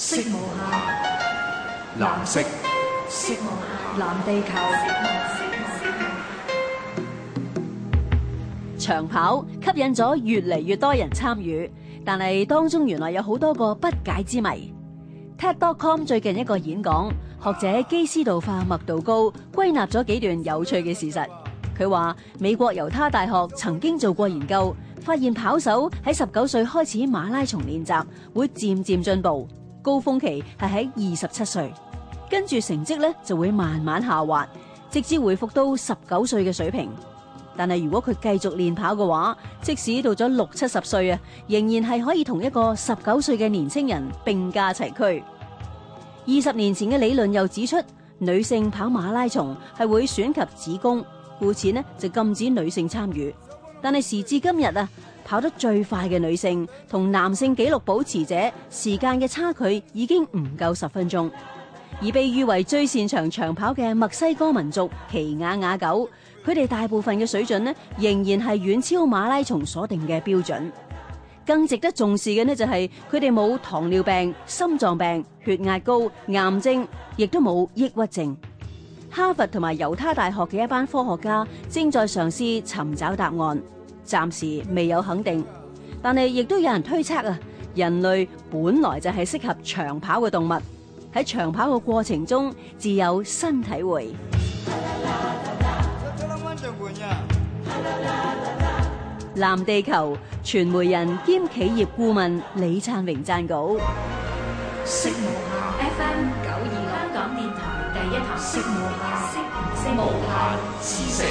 色無下，藍色。色無下，藍地球。色下色下色下長跑吸引咗越嚟越多人參與，但係當中原來有好多個不解之謎。TED.com 最近一個演講，學者基斯道化麥道高歸納咗幾段有趣嘅事實。佢話美國猶他大學曾經做過研究，發現跑手喺十九歲開始馬拉松練習會漸漸進步。高峰期係喺二十七歲，跟住成績咧就會慢慢下滑，直至回復到十九歲嘅水平。但係如果佢繼續練跑嘅話，即使到咗六七十歲啊，仍然係可以同一個十九歲嘅年輕人並駕齊驅。二十年前嘅理論又指出，女性跑馬拉松係會損及子宮，故此呢就禁止女性參與。但係時至今日啊。跑得最快嘅女性同男性紀錄保持者時間，嘅差距已經唔夠十分鐘，而被譽為最擅長長跑嘅墨西哥民族奇亞雅狗，佢哋大部分嘅水準呢，仍然係遠超馬拉松所定嘅標準。更值得重視嘅呢，就係，就係佢哋冇糖尿病、心臟病、血壓高、癌症，亦都冇抑鬱症。哈佛同埋猶他大學嘅一班科學家正在嘗試尋找答案。暫時未有肯定，但係亦都有人推測啊，人類本來就係適合長跑嘅動物，喺長跑嘅過程中自有新體會。藍地球傳媒人兼企業顧問李燦榮撰稿食。食